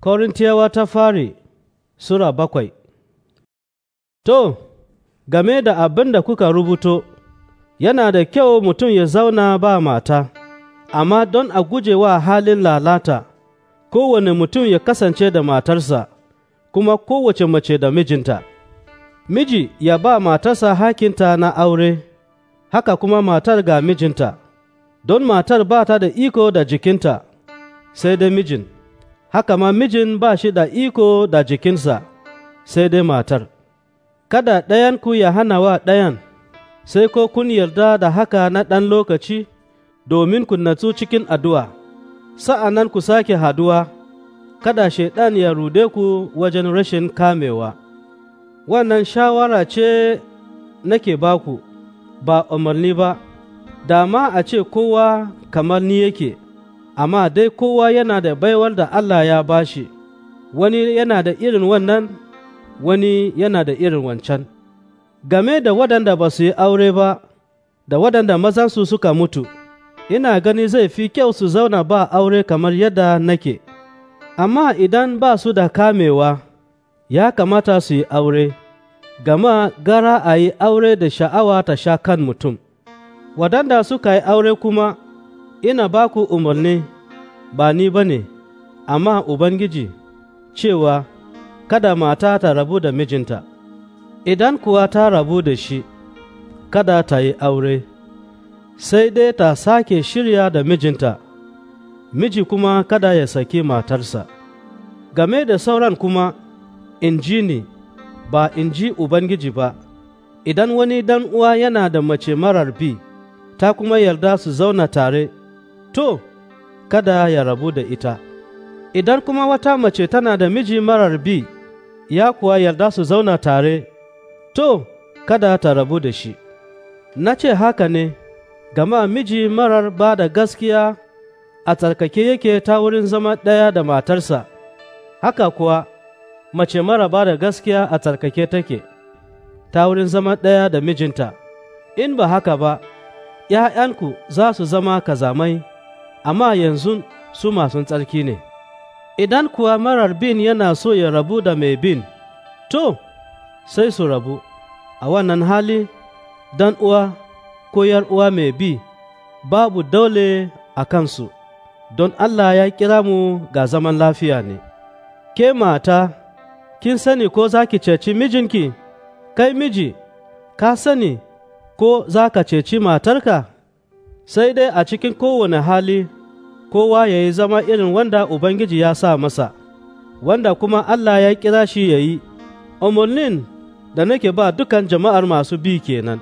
Korintiyawa ta fari Sura bakwai To, game da abin da kuka rubuto, yana da kyau mutum ya zauna ba mata, amma don a guje wa halin lalata, kowane mutum ya kasance da matarsa, kuma kowace mace da mijinta. Miji ya ba matarsa hakinta na aure, haka kuma matar ga mijinta, don matar ba ta da iko da jikinta, sai dai mijin. haka ma mijin ba shi da iko da jikinsa sai dai matar, kada ɗayanku ya hana wa ɗayan, sai ko kun yarda da haka na ɗan lokaci domin ku natsu cikin addu'a, sa'an nan ku sake haduwa, kada shaiɗan ya rude ku wajen rashin kamewa. Wannan shawara ce nake baku, ba umarni ba, dama a ce kowa kamar ni yake. amma dai kowa yana da baiwar da Allah ya bashi, wani yana da irin wannan, wani yana da irin wancan. Game da waɗanda ba su yi aure ba, da waɗanda mazansu suka mutu, ina gani zai fi kyau su zauna ba aure kamar yadda nake, amma idan ba su da kamewa, ya kamata su yi aure, gama gara a yi aure da sha'awa ta sha kan mutum. Waɗanda suka yi aure kuma, ina ba ku umarni ba ni ba ne, amma Ubangiji cewa kada mata ta rabu da mijinta, idan kuwa ta rabu da shi, kada ta yi aure, sai dai ta sake shirya da mijinta, miji kuma kada ya saki matarsa. Game da sauran kuma, in ji ni, ba in ji Ubangiji ba, idan wani dan uwa yana da mace marar bi, ta kuma yarda su zauna tare, to, kada ya rabu da ita. Idan kuma wata mace tana da miji marar bi, ya kuwa yarda su zauna tare, to, kada ta rabu da shi. Na ce haka ne, gama miji marar ba da gaskiya a tsarkake yake ta wurin zama ɗaya da matarsa, haka kuwa mace mara ba da gaskiya a tsarkake take, ta wurin zama ɗaya da mijinta, in ba haka ba, ‘ya'yanku za su zama kazamai amma yanzu su masu tsarki ne. Idan kuwa marar bin yana so ya rabu da mai bin, to, sai su rabu, a wannan hali, dan uwa ko uwa mai bi, babu daule a kansu, don Allah ya kira mu ga zaman lafiya ne. Ke mata, kin sani ko za ki ceci mijinki, kai miji, ka sani ko za ka ceci matarka? sai dai a cikin kowane hali kowa ya yi zama irin wanda Ubangiji ya sa masa, wanda kuma Allah ya kira shi ya yi, umarnin da nake ba dukan jama'ar masu bi kenan,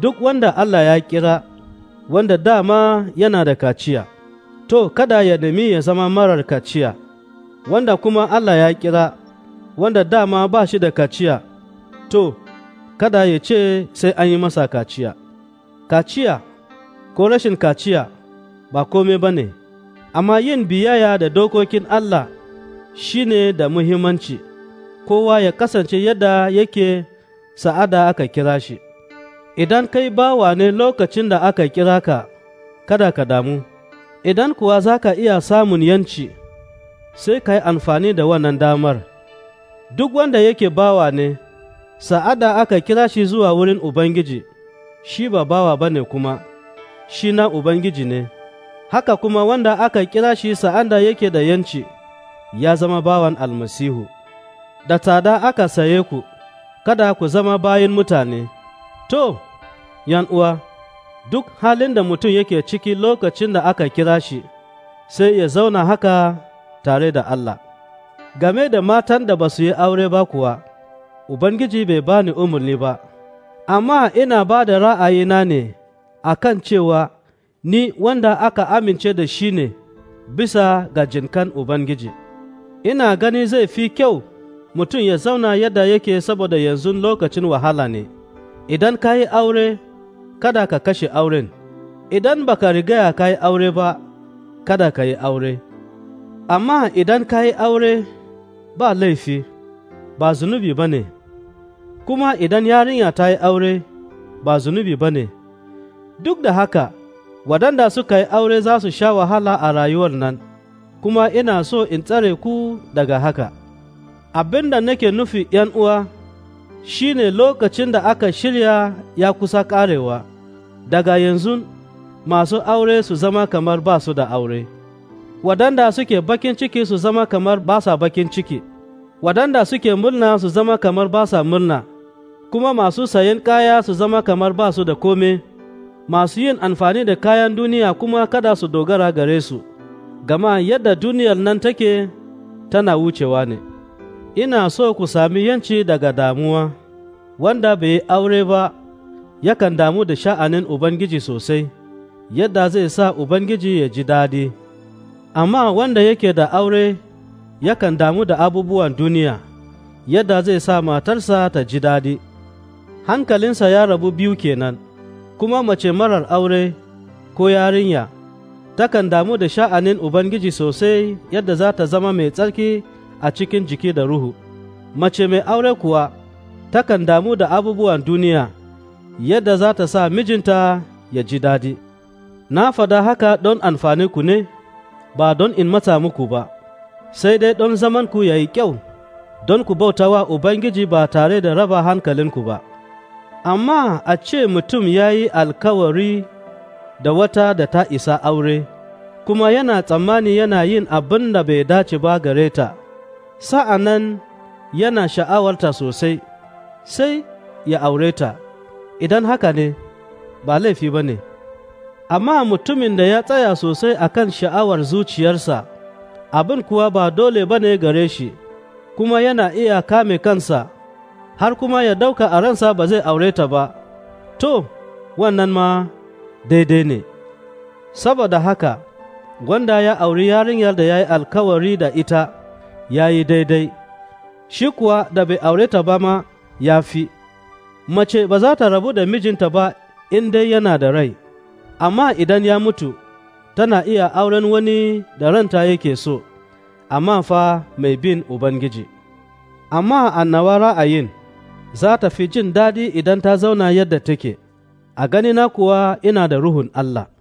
duk wanda Allah ya kira, wanda dama yana da kaciya, to, kada ya nemi ya zama marar kaciya, wanda kuma Allah ya kira, wanda dama ba shi da kaciya, to, kada ya ce sai an yi masa kaciya. Kaciya. ko rashin kaciya ba komai ba ne, amma yin biyaya da dokokin Allah shi ne da muhimmanci, kowa ya kasance yadda yake sa'ada aka kira shi. Idan kai bawa ne lokacin da aka kira ka, kada ka damu, idan kuwa za ka iya samun yanci, sai ka yi amfani da wannan damar. Duk wanda yake bawa ne, sa'ada aka kira shi zuwa wurin Ubangiji, shi ba bawa ba ne kuma. shi na Ubangiji ne, haka kuma wanda aka kira shi sa'an da yake da yanci ya zama bawan almasihu, da tsada aka saye ku, kada ku zama bayin mutane. To, yan uwa, duk halin da mutum yake ciki lokacin da aka kira shi, sai ya zauna haka tare da Allah. Game da matan da ba su yi aure ba kuwa, Ubangiji bai bani umarni ba, amma ina ba da ra'ayina ne. a kan cewa ni wanda aka amince da shi ne bisa ga jinkan Ubangiji. Ina gani zai fi kyau mutum ya zauna yadda yake saboda yanzu lokacin wahala ne. Idan ka yi aure, kada ka kashe auren. Idan baka rigaya ka yi aure ba, kada ka yi aure. Amma idan ka yi aure ba laifi, ba zunubi ba ne, kuma idan yarinya ta yi aure ba zunubi ba ne. Duk da haka, waɗanda suka yi aure za su sha wahala a rayuwar nan, kuma ina so in tsare ku daga haka. Abin da nake nufi uwa shi ne lokacin da aka shirya ya kusa ƙarewa, daga yanzu masu aure su zama kamar ba su da aure, waɗanda suke bakin ciki su zama kamar ba sa bakin ciki, waɗanda suke murna su zama kamar ba sa murna, kuma masu sayen kaya su zama kamar ba su da kome. masu yin amfani da kayan duniya kuma kada su dogara gare su, gama yadda duniyar nan take tana wucewa ne. Ina so ku sami yanci daga damuwa, wanda bai aure ba yakan damu da sha'anin Ubangiji sosai, yadda zai sa Ubangiji ya ji daɗi. Amma wanda yake da aure yakan damu da abubuwan duniya, yadda zai sa matarsa ta ji daɗi. Hankalinsa ya rabu biyu kenan. kuma mace marar aure ko yarinya takan damu da sha'anin Ubangiji sosai yadda za ta zama mai tsarki a cikin jiki da ruhu. Mace mai aure kuwa takan damu da abubuwan duniya yadda za ta sa mijinta ya ji daɗi. Na fada haka don amfani ku ne, ba don in mata muku ba, sai dai don zamanku ya yi kyau, don ku bauta wa Ubangiji ba tare da raba hankalinku ba. amma a ce mutum ya yi alkawari da wata da ta isa aure, kuma yana tsammani yana yin abin da bai dace ba gare ta, sa'anan nan yana sha'awarta sosai, sai ya aure ta, idan haka ne, ba laifi ba ne. Amma mutumin da ya tsaya sosai akan sha'awar zuciyarsa, abin kuwa ba dole ba ne gare shi, kuma yana iya kame kansa. har kuma ya dauka a ransa ba zai aure ta ba, to, wannan ma daidai ne. Saboda haka, gwanda ya auri yarinyar da ya yi alkawari da ita ya yi daidai, shi kuwa da bai aure ta ba ma ya fi. Mace ba za ta rabu da mijinta ba in dai yana da rai, amma idan ya mutu, tana iya auren wani da ranta yake so, amma fa mai bin Ubangiji. Amma annawa ra'ayin. za ta fi jin daɗi idan ta zauna yadda take, a ganina kuwa ina da Ruhun Allah.